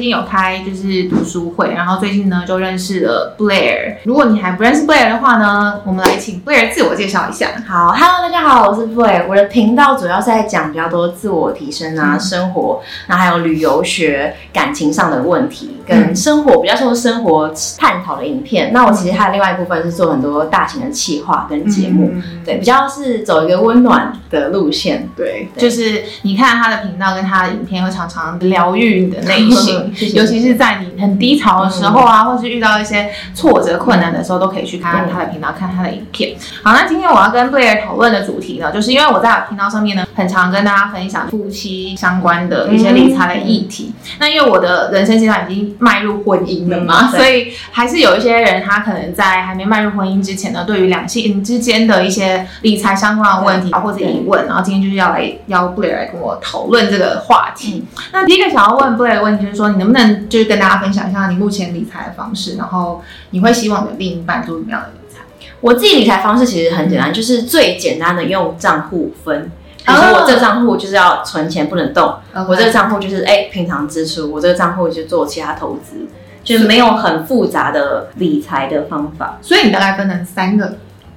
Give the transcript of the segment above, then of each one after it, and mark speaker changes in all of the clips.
Speaker 1: 今天有開就是讀書會，然後最近呢就認識了 Blaire。如果你還不認識 Blaire 的話呢，我們來請 Blaire 自我介紹一下。好，Hello 大家好，我是 Blaire。我的頻道主
Speaker 2: 要是在講比較多自我提升啊、嗯、生活，那還有旅遊學、感情上的問題跟生活、嗯、比較像生活探討的影片。那我其實他的另外一部分是做很多大型的企劃跟節目，嗯嗯嗯對，比較是走一個溫暖的路線。
Speaker 1: 對，對就是你看他的頻道跟他的影片會常常療癒你的內心。 是尤其是在你很低潮的時候啊，嗯、或是遇到一些挫折、困難的時候，嗯、都可以去看看他的頻道，嗯、看他的影片。好，那今天我要跟 Blaire 討論的主題呢，就是因為我在我頻道上面呢，很常跟大家分享夫妻相關的一些理財的議題。嗯、那因為我的人生階段已經邁入婚姻了嘛，嗯、所以還是有一些人他可能在還沒邁入婚姻之前呢，對於兩性之間的一些理財相關的問題啊，嗯、或者疑問，嗯、然後今天就是要來邀 Blaire 來跟我討論這個話題。嗯、那第一個想要問 Blaire 的問題就是說，你。能不能就是跟大家分享一下你目前理財的方式，然後你會希望你的另一半做什麼樣的理財？
Speaker 2: 我自己理財方式其實很簡單，嗯、就是最簡單的用賬戶分。哦、比如說我這個賬戶就是要存錢不能動，Okay. 我這個賬戶就是哎、欸、平常支出，我這個賬戶就做其他投資，就是沒有很複雜的理財的方法。所以你大概分成三個。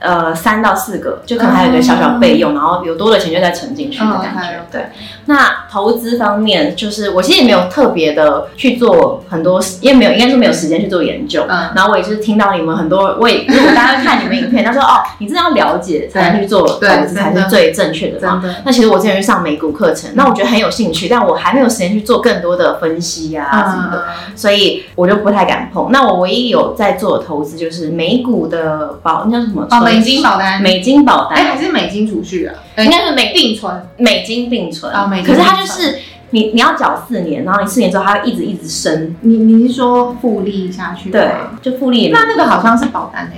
Speaker 2: 呃，三到四個，就可能還有一個小小備用，哦、然後有多的錢就再存進去的感覺。哦、對，對那投資方面，就是我其實也沒有特別的去做很多，因為沒有應該說沒有時間去做研究。嗯，然後我也是聽到你們很多，我也，如果大家看你們影片，他 說哦，你真的要了解才能去做投資才是最正確的嘛。對對的，那其實我之前去上美股課程，那我覺得很有興趣，但我還沒有時間去做更多的分析啊什麼的，所以我就不太敢碰。那我唯一有在做的投資就是美股的保，那叫什麼村，哦美金保單，美金保單，哎，還是美金儲蓄啊？應該是美定存，美金定存，哦，美金定存啊。可是它就是你，你要繳四年，然後你四年之後它會一直一直升。
Speaker 1: 你你是說複利下去？對，就複利。那那個好像是保單誒。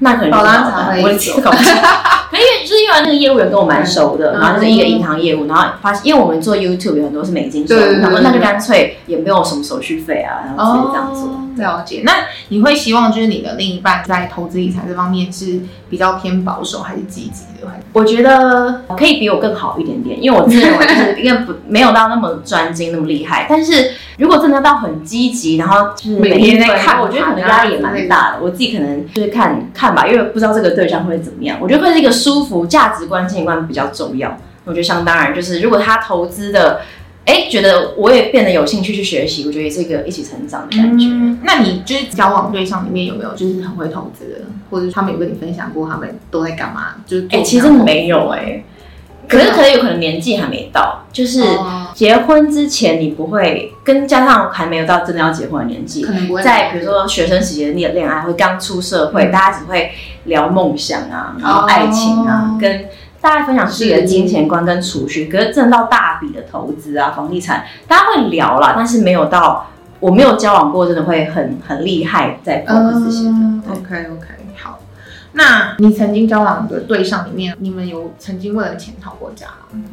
Speaker 1: 那
Speaker 2: 可能就比可以 就是因為那個業務員跟我蠻熟的，然後就是一個銀行業務，然後發現因為我們做 YouTube 有很多是美金收。對對對，然後那就乾
Speaker 1: 脆也沒有什麼手續費啊，然後直接這樣子。哦，了解。那你會希望就是你的另一半在投資理財這方面是比較偏保守還是積極的？我覺得可以比我更好一點
Speaker 2: 點，因為我自己認為就是因為不沒有到那麼專精那麼厲害， 但是如果真的到很積極，然後是每天在看，嗯、我覺得可能壓力也蠻大的。嗯、我自己可能就是看看。因為不知道這個對象會怎麼樣，我覺得會是一個舒服，價值觀、價值觀比較重要。我覺得，相當然就是，如果他投資的，哎，覺得我也變得有興趣去學習，我覺得這個一
Speaker 1: 起成長的感覺、嗯。那你就是交往對象裡面有沒有就是很會投資的，或者他們有跟你分享過他們都在幹嘛？就是哎，其實沒有哎、欸。可是，可能有可能
Speaker 2: 年紀還沒到，就是結婚之前，你不會跟加上還沒有到真的要結婚的年紀，可能不會在比如說學生時期你的戀愛，或剛出社會，大家只會聊夢想啊、然後愛情啊，跟大家分享自己的金錢觀跟儲蓄。是的可是掙到大筆的投資啊、房地產，大家會聊啦，但是沒有到我沒有交往過，真的會很很厲害在公司這些
Speaker 1: 的、uh, 對。OK OK。那你曾經交往的對象裡面，你們有曾經為了錢吵過架嗎？
Speaker 2: 嗯、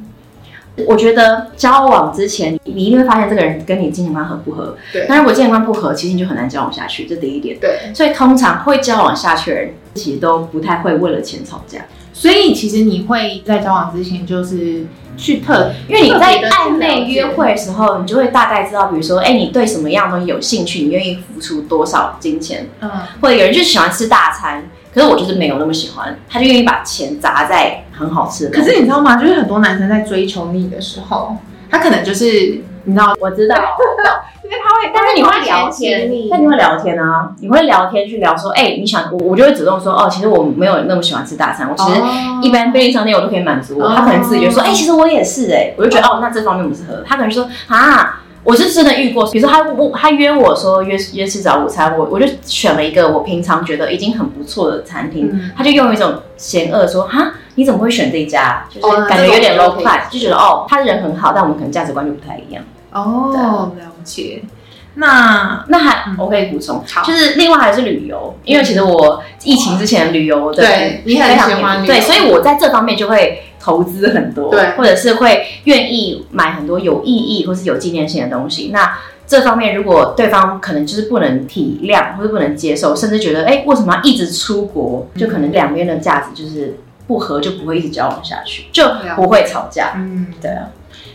Speaker 2: 我覺得交往之前，你一定會發現這個人跟你金錢觀合不合。對。那如果金錢觀不合，其實你就很難交往下去，這是第一點。對。所以通常會交往下去的人，其實都不太會為了錢吵架。
Speaker 1: 所以其實你會在交往之前，就是去特，因為你在曖
Speaker 2: 昧約會的時候，你就會大概知道，比如說，哎、欸，你對什麼樣東西有興趣，你願意付出多少金錢。嗯。或者有人就喜歡吃大餐。可是我就是沒有那麼喜歡，他就願意把錢砸在很好吃的。可是你
Speaker 1: 知道嗎？就是很多男生在追求你的時候，他可能就是你知道，我知道，因為他會，但是
Speaker 2: 你會聊天，但你會聊天啊，你會聊天去聊說，哎、欸，你想我，我就會主動說，哦，其實我沒有那麼喜歡吃大餐，oh. 我其實一般便利商店我都可以滿足我。Oh. 他可能自己就說，哎、欸，其實我也是哎、欸，我就覺得、oh. 哦，那這方面不適合。他可能就說啊。我是真的遇過，比如說他我他約我說約約吃早午餐，我我就選了一個我平常覺得已經很不錯的餐廳，他就用一種嫌惡說哈，你怎麼會選這家？就是感覺有點 low class 就覺得哦，他人很好，但我們可能價值觀就不太一樣。
Speaker 1: 哦，了解。那
Speaker 2: 那還我可以補充就是另外還是旅遊，因為其實我疫情之前旅遊對，你很喜歡對，所以我在這方面就會。投資很多，對，或者是會願意買很多有意義或是有紀念性的東西。那這方面如果對方可能就是不能體諒或者不能接受，甚至覺得哎、欸，為什麼要一直出國？嗯、就可能兩邊的價值就是不合，就不會一直交往下去，
Speaker 1: 就不會吵
Speaker 2: 架。嗯，對啊。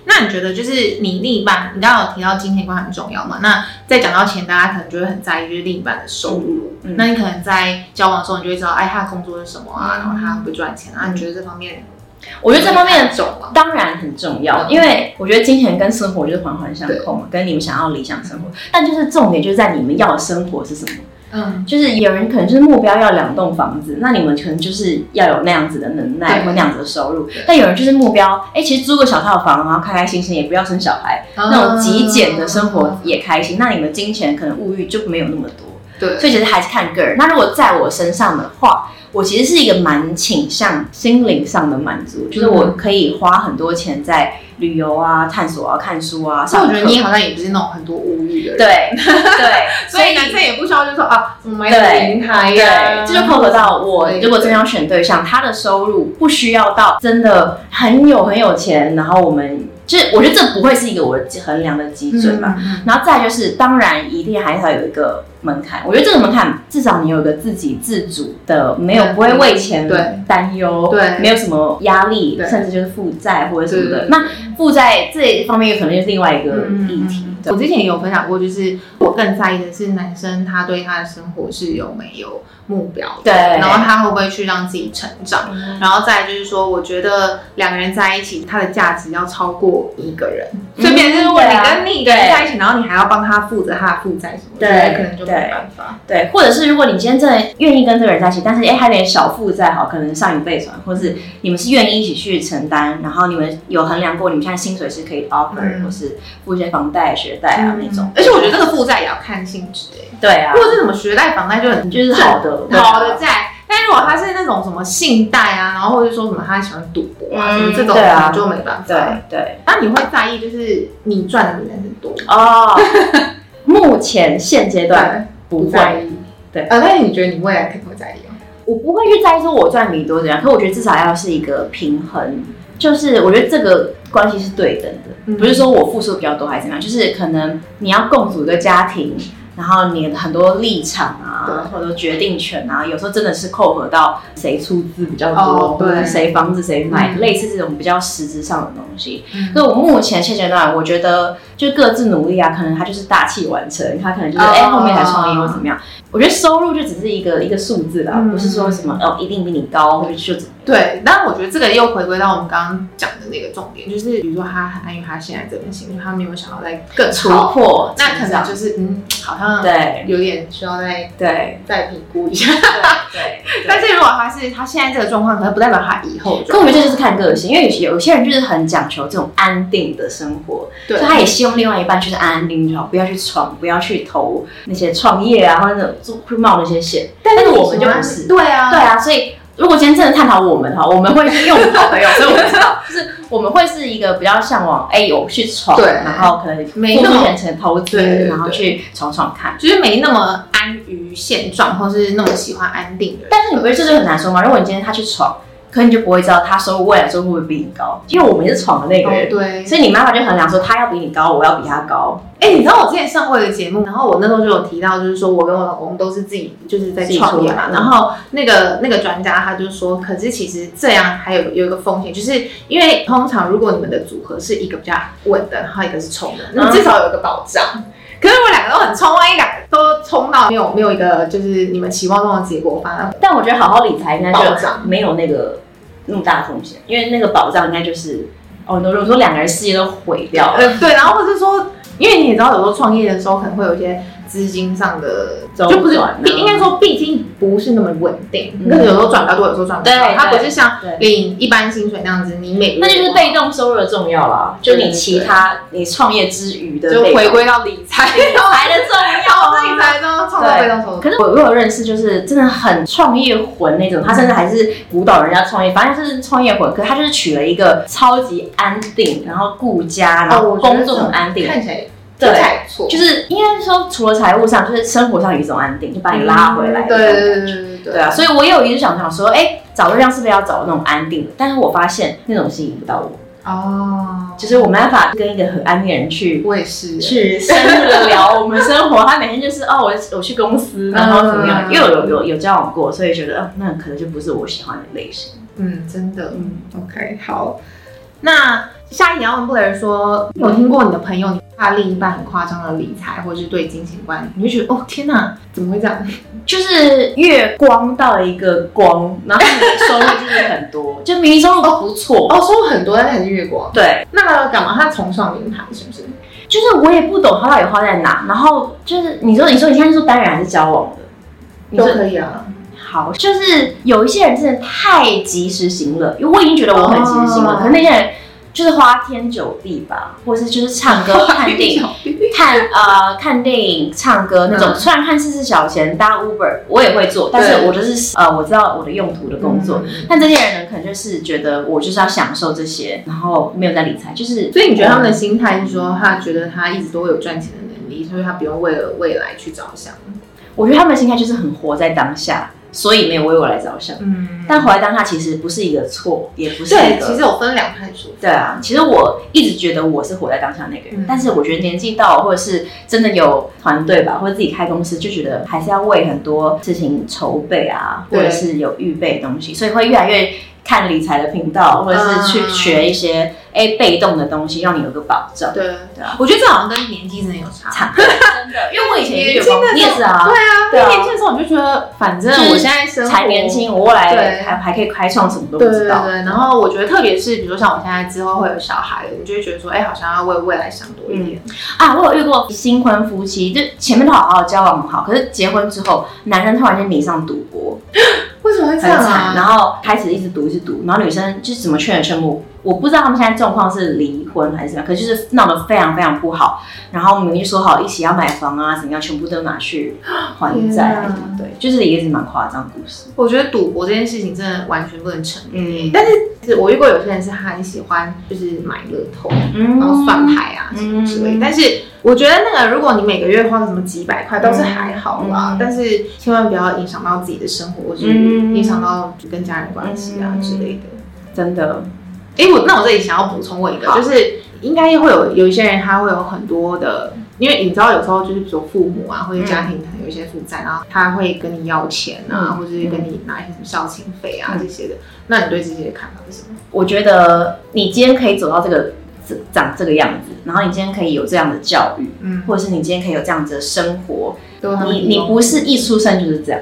Speaker 1: 那你覺得就是你另一半，你剛剛有提到金錢觀很重要嘛？那在講到錢，大家可能就會很在意，就是另一半的收入。嗯嗯、那你可能在交往的時候，你就會知道哎，他的工作是什麼啊？嗯、然後他不會賺錢啊？嗯、你覺得這方面？我覺得這方面的當然
Speaker 2: 很重要，因為我覺得金錢跟生活就是環環相扣嘛。對跟你們想要理想生活，但就是重點就是在你們要的生活是什麼。嗯，就是有人可能就是目標要兩棟房子，那你們可能就是要有那樣子的能耐對或那樣子的收入。但有人就是目標，哎，其實租個小套房，然後開開心心，也不要生小孩，嗯、那種極簡的生活也開心。嗯、那你們金錢可能物慾就沒有那麼多。對所以其實還是看個人。那如果在我身上的話，我其實是一個蠻傾向心靈上的滿足，嗯、就是我可以花很多錢在旅遊啊、探索啊、看書啊。所以、嗯、課我覺得你好像也不是
Speaker 1: 那種很多物慾的人。對對，所以男生也不需要就說啊，我沒有名牌呀。對，這就配合
Speaker 2: 到我如果真要選對象，他的收入不需要到真的很有很有錢，然後我們。就是我覺得這不會是一個我衡量的基準吧，嗯嗯嗯，然後再就是當然一定還是要有一個門檻，我覺得這個門檻至少你有一個自己自主的，沒有不會為錢擔憂，對，對，沒有什麼壓力，對對對對，甚至就是負債或者什麼的，對對，
Speaker 1: 那負債這一方面可能又是另外一個議題。嗯嗯嗯嗯嗯我之前有分享過，就是我更在意的是男生他對他的生活是有沒有目標，對，然後他會不會去讓自己成長，嗯嗯，然後再就是說，我覺得兩個人在一起，他的價值要超過一個人。順便、嗯、是，如果你跟你在一起，啊、然後你還要幫他負責他的負債，什麼的，對，可能就沒有辦法對。對，或
Speaker 2: 者是如果你今天真的願意跟這個人在一起，但是欸，還得小負債好，可能上一輩傳，或是你們是願意一起去承擔，然後你們有衡量過，你們現在薪水是可以 offer、嗯、或是付一些房貸學。學貸啊、嗯、那種，而且我覺
Speaker 1: 得這個負債也要看性質哎、欸。對啊。如果是什麼學貸、房貸就很就是好的是好的債，但如果他是那種什麼信貸啊，然後或者說什麼他喜歡賭博啊什麼、嗯、這種，就沒辦法對。對對。那、啊、你會在意就是你賺的比男生多哦？啊、
Speaker 2: 目前現階段不會。對。啊，那對你覺得你未來可能會
Speaker 1: 在意哦？我不
Speaker 2: 會去在意說我賺比你多怎樣，可我覺得至少要是一個平衡，就是我覺得這個關係是對等的。嗯、不是說我付出比較多還是怎麼樣，就是可能你要共組一個家庭，然後你很多立場啊，或者決定權啊，有時候真的是扣合到誰出資比較多，哦、對，誰房子誰買，嗯、類似這種比較實質上的東西。那、嗯、我目前現階段，我覺得就各自努力啊，可能他就是大器晚成，他可能就是哎、哦欸、後面才創業或怎麼樣。哦哦、我覺得收入就只是一個一個數字啦，嗯、不是說什麼哦一定比你高或者、嗯、就是
Speaker 1: 對，但我覺得這個又回歸到我們剛剛講的那個重點，就是比如說他，很安於他現在這份心，就他沒有想要再更突破，好那可能就是嗯，好像對，有點需要再對再評估一下。對，對對，但是如果他是他現在這個狀況，可能不代表他以後的。個人，這
Speaker 2: 就是看個性，因為有有些人就是很講求這種安定的生活，對所以他也希望另外一半就是安安定定就好，不要去闖，不要去投那些創業啊或者那就冒那些險。但是我們就不是，是啊
Speaker 1: 對啊，對啊，
Speaker 2: 所以。如果今天真的探討我們哈，我們會是用好朋友， 所以我不知道，就是我們會是一個比較向往哎，我去闖，然後可能沒有錢成投資，對對對，然後去闖闖看，對對對，就是
Speaker 1: 沒那麼安於現狀，或是那麼喜歡安定的。但是，你不會覺得這就
Speaker 2: 很難說嗎？對如果你今天他去闖。可你就不會知道他收入未來收入會不會比你高？因為我們是闖的那個人，哦、對，所以你媽媽就衡量說，他要比你高，我要比他高。
Speaker 1: 哎、欸，你知道我之前上過一個節目，然後我那時候就有提到，就是說我跟我老公都是自己就是在創業嘛，嗯、然後那個那個專家他就說，可是其實這樣還有有一個風險，就是因為通常如果你們的組合是一個比較穩的，然後一個是衝的，那至少有一個保障。可是我兩個都很衝，萬一兩個都衝到沒有沒有一個就是你們期望中的結果吧。但我覺得好好理
Speaker 2: 財應該就沒有那個那麼大的風險，保障。因為那個保障應該就是哦，如果說兩個人事業都毀掉了，
Speaker 1: 對，然後或者是說，因為你也知道，有時候創業的時候可能會有一些資金上的就周轉就不是，應該說畢竟。不是那麼穩定，對嗯、那是有時候賺到多，嗯、有時候賺到多少。對對對，它不是像領一般薪水那樣子，對對對，你每、啊、那就是被動收入的重
Speaker 2: 要了，對對對，就你其他你創業之餘的，對對對，就回歸到理
Speaker 1: 財，理財的重要，理財都創造
Speaker 2: 被動收入。可是我我有認識，就是真的很創業魂那種，他甚至還是輔導人家創業，反正就是創業魂。可他就是娶了一個超級安定，然後顧家，然後工作很安定，哦、看起
Speaker 1: 來。對，就是
Speaker 2: 應該說，除了財務上，就是生活上有一種安定，就把你拉回來、嗯、對對對，對，
Speaker 1: 對啊，對啊對所以
Speaker 2: 我也有一直想想說，哎，找對象是不是要找那種安定的？但是我發現那種吸引不到我。
Speaker 1: 哦，就是我沒
Speaker 2: 辦法跟一個很安定的人去，是去深入聊我們生活， 他每天就是哦，我我去公司，然後怎麼樣？嗯、又有有有，有交往過，所以覺得哦，那可能
Speaker 1: 就不是我喜歡的類型。嗯，真的。嗯，OK，好。那下一題問 Blaire 說，有聽過你的朋友他另一半很誇張的理財，或者是對金錢觀，你會覺得哦天哪，怎麼會這樣？就是月光到一個光，然後你收入就是很多， 就明明收入都不錯哦收入很多，但還是月光。對，那幹嘛他崇尚名牌是不是？
Speaker 2: 就是我也不懂他到底花在哪。然後就是你說，你說你現在是單人還是交往的？你可啊、都可以啊。好，就是有一些人真的太及時行樂，因為我已經覺得我很及時行樂，oh，可是那些人就是花天酒地吧， 或是就是唱歌、 看電影、 看呃看電影、唱歌那種。雖然、嗯、看似是小錢，搭 Uber 我也會做，但是我就是對呃我知道我的用途的工作。嗯、但這些人呢，可能就是覺得我就是要享受這些，然後沒有在理財。就是，
Speaker 1: 所以你覺得他們的心態是說，嗯、他覺得他一直都會有賺錢的能力，所以他不用為了
Speaker 2: 未來去着想。我覺得他們的心態就是很活在當下。所以沒有為我來着想，嗯。但活在當下其實不是一個錯，嗯、也不是一個。對，其實我
Speaker 1: 分兩派說。對啊，
Speaker 2: 其實我一直覺得我是活在當下那個人，嗯、但是我覺得年紀到，或者是真的有團隊吧，或者自己開公司，就覺得還是要為很多事情籌備啊，對或者是有預備東西，所以會越來越看理財的頻道，或者是去學一些。哎，被動的東西讓你有個保障。對對啊，我
Speaker 1: 覺得這好像跟年紀真的有差。真的，因為我以前也有觀念是啊，對啊，年輕、啊啊、的時候我就覺得，反正我現在生活對才年輕，我未來對還還可以開創什麼都不知道。對對、對然後我覺得，特別是比如說像我現在之後會有小孩，我就覺得說，哎，好像要為未來想
Speaker 2: 多一點。嗯、啊，我有遇過新婚夫妻，就前面都好好交往很好，可是結婚之後，男人突然間迷上賭博，為什麼會這樣啊？然後開始一直賭，一直賭，然後女生就是怎麼勸也勸不。我不知道他們現在狀況是離婚還是什麼，可是就是鬧得非常非常不好。然後明明說好一起要買房啊，怎麼樣，
Speaker 1: 全部都拿去還債，啊、對，對，對，就是也是蠻誇張故事的。我覺得賭博這件事情真的完全不能沉迷。嗯、但是，是我遇過有些人是他很喜歡，就是買樂透，嗯、然後算牌啊、嗯、什麼之類。嗯、但是，我覺得那個如果你每個月花什麼幾百塊都是還好啦，嗯、但是千萬不要影響到自己的生活，或、就是影響到跟家人關係啊、嗯、之類的，真的。哎、欸，我那我這裡想要補充我一個，嗯、就是應該會有有一些人，他會有很多的，嗯、因為你知道有時候就是比如父母啊，或者家庭有一些負債，啊，嗯、然後他會跟你要錢啊，嗯、或者是跟你拿一些什麼孝親費啊、嗯、這些的。那你對這些的看法是什麼？我覺得你今天可以走到這個
Speaker 2: 長這個樣子，然後你今天可以有這樣的教育，嗯、或者是你今天可以有這樣子的生活，你你不是一出生就是這樣，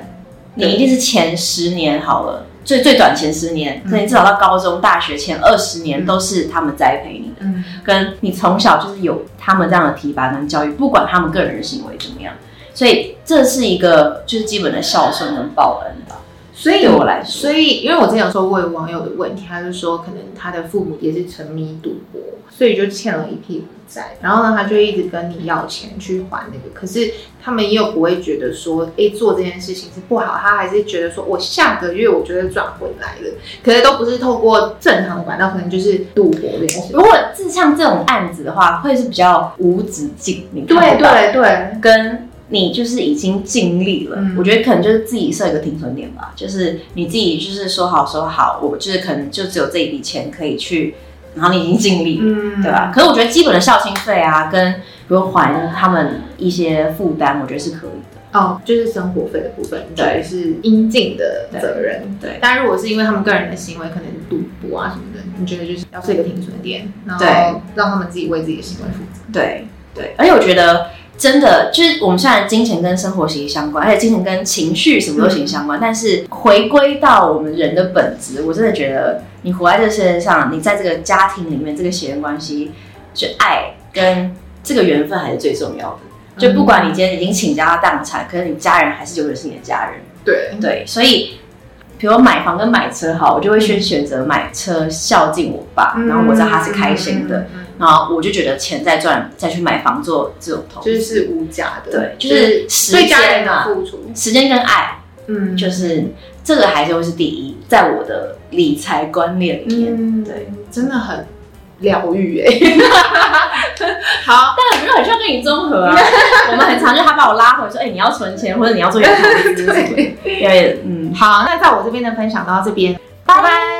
Speaker 2: 對你一定是前十年好了。最最短前十年，那、嗯、你至少到高中、嗯、大學前二十年都是他們栽培你的，嗯、跟你從小就是有他們這樣的提拔跟教育，不管他們個人的行為怎麼樣，所以這是一個就是基本的孝順跟
Speaker 1: 報恩吧。所以，我來說，所以，因為我之前有說過有網友的問題，他就說，可能他的父母也是沉迷賭博，所以就欠了一屁股債，然後呢，他就一直跟你要錢去還那個。可是他們又不會覺得說，哎，做這件事情是不好，他還是覺得說我、哦、下個月我覺得賺回來了，可是都不是透過正常的管道，可能就是賭博的東西。如果像這種案子的話，會是比較無止境，你對對對，跟。
Speaker 2: 你就是已經盡力了，嗯、我覺得可能就是自己設一個停存點吧，嗯、就是你自己就是說好說好，我就是可能就只有這一筆錢可以去，然後你已經盡力了，了、嗯、對吧？可是我覺得基本的孝心費啊，跟比如還他們一些負擔，我
Speaker 1: 覺得是可以的。哦，就是生活費的部分，對，就是應盡的責任。對，對對，但如果是因為他們個人的行為，可能賭博啊什麼的，你覺得就是要設一個停存點，然後讓他們自己為自己的行為負責。
Speaker 2: 對對，而且我覺得。真的就是我們現在金錢跟生活息息相關，而且金錢跟情緒什麼都息息相關。嗯、但是回歸到我們人的本質，我真的覺得你活在這世界上，你在這個家庭裡面，這個血緣關係是愛跟這個緣分還是最重要的。嗯、就不管你今天已經傾家蕩產，可是你家人還是永遠是你的家人。對對，所以比如買房跟買車哈，我就會先選擇買車、嗯、孝敬我爸，然後我知道他是開心的。嗯嗯嗯嗯嗯然後我就覺得錢再賺，再去買房做這種投資是無價的。對，就是時間啊，的付出時間跟愛，嗯，就是這個還是會是第一，在我的理財觀念裡面，嗯、對，真的很療癒哎。欸、 好，但我們又很需要跟你綜合啊。 我們很常就他把我拉回說，哎、欸，你要存錢或者你要做投資。 對
Speaker 1: 什麼，對，嗯，好，那在我這邊的分享到這邊，拜拜。